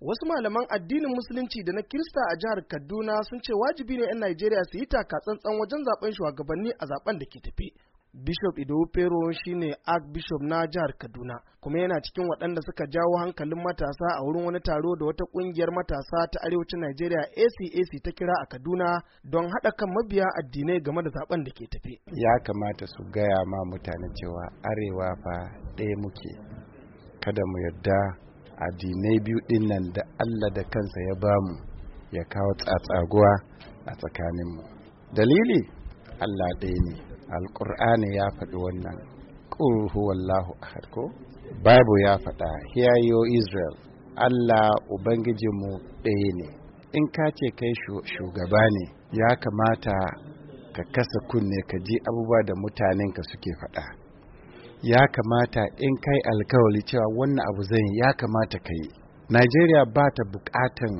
wasu malaman addinin musulunci da na kirista a jihar kaduna sun ce wajibi ne 'yan najeriya su yi taka tsantsan wajen zaben shugabanni a zaben da ke tafe bishop idowu pero shine archbishop na jihar kaduna kuma yana cikin waɗanda suka jawo hankalin matasa a wurin wani taro da wata ƙungiyar matasa ta arewacin najeriya acac ta kira a kaduna don haɗa kan mabiya addinai game da zaben da ke tafe ya kamata su gaya ma mutane cewa arewa fa ɗaya muke kada mu yarda addinai biyu din nan da Allah da kansa ya bamu ya kawo tsatsaguwa a tsakaninmu dalili Allah ɗaya ne alƙur'ani ya faɗi wannan ƙul wallahu a ko babu ya faɗa hear israel Allah ubangijinmu ɗaya ne in ka ce kai shugaba ne ya kamata ka kasa kunne ka ji abubuwa da mutanenka suke faɗa ya kamata in kai alkawali cewa wannan abu zai ya kamata ka yi najeriya ba ta bukatan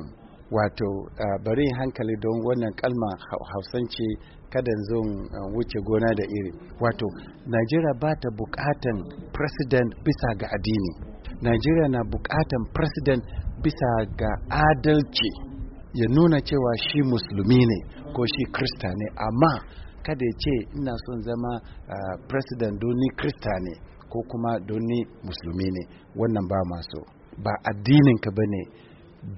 wato uh, bari hankali don wannan kalma hausance kada zo wuce gona da iri wato najeriya ba ta bukatan president bisa ga addini najeriya na bukatan president bisa ga adalci ya nuna cewa shi musulmi ne ko shi krista ne amma kada ya ce ina son zama president doni krista ne ko kuma doni musulmi ne wannan ba maso ba addinin ka ne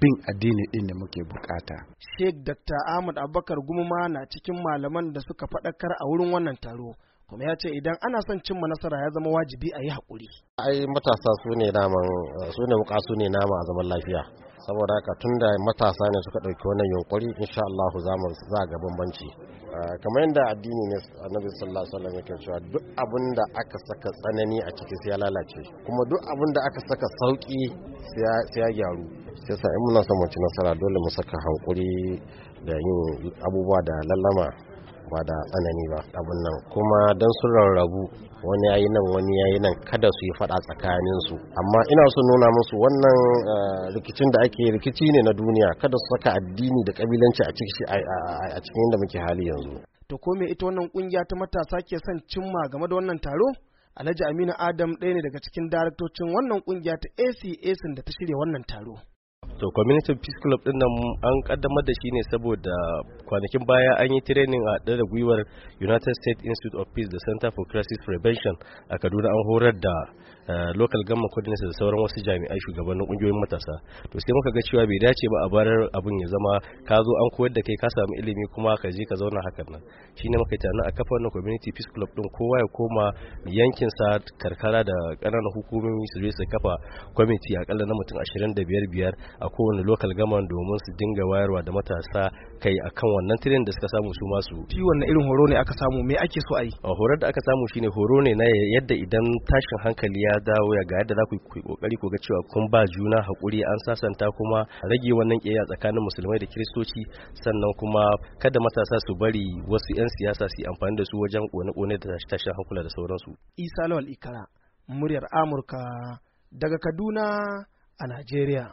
bin addini din da muke bukata. Sheikh Dr. Ahmad Abubakar Gumuma na cikin malaman da suka faɗakar a wurin wannan taro. kuma ya ce idan ana son cimma nasara ya zama wajibi a yi haƙuri. ai matasa su ne naman su ne wuka su ne nama a zaman lafiya saboda haka tun da matasa ne suka ɗauki wannan yunkuri insha Allah za mu za ga bambanci ah, kamar yadda addini ne annabi sallallahu alaihi wasallam yake cewa duk abin da aka saka tsanani a ciki sai ya lalace kuma duk abin da aka saka sauki sai ya gyaru sai sa in muna son mu ci nasara dole mu saka hankuri da yin abubuwa da lallama ba da tsanani ba abun nan kuma dan sun rarrabu wani yayi nan wani yayi nan kada su yi fada tsakanin su amma ina so nuna musu wannan eh, rikicin da ake rikici ne na duniya kada su saka addini da kabilanci a cikin a muke hali yanzu to ko me ita wannan kungiya ta matasa ke son cimma game da wannan taro Alhaji Aminu Adam ɗaya ne daga cikin daraktocin wannan kungiya ta ACAs da ta shirya wannan taro. to community peace club din nan an kaddamar da shi ne saboda kwanakin baya an yi training a da gwiwar united states institute of peace da center for crisis prevention a kaduna an horar da eh, local government coordinator da sauran wasu jami'ai shugabannin kungiyoyin matasa to sai muka ga cewa bai dace ba a bar abun ya zama ka zo an koyar da kai ka samu ilimi kuma ka je ka zauna hakan nan shine muka tana a kafa wannan community peace club din kowa ya koma yankin sa karkara da ƙananan hukumomi su je su kafa committee a na mutum 25 biyar a kowane local government domin su dinga wayarwa da matasa kai akan wannan tirin da suka samu su masu shi wannan irin horo ne aka samu me ake so a yi horar da aka samu shine horo ne na yadda idan tashin hankali ya dawo ya ga yadda za ku yi kokari ku ga cewa kun ba juna hakuri an sasanta kuma rage wannan kiyaya tsakanin musulmai da kiristoci sannan kuma kada matasa su bari wasu 'yan siyasa su yi amfani da su wajen kone-kone da tashin hankula da sauransu isa lawal ikara muryar amurka daga kaduna a najeriya